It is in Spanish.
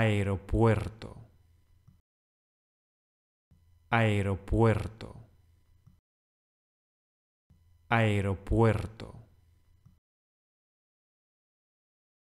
aeropuerto, aeropuerto, aeropuerto.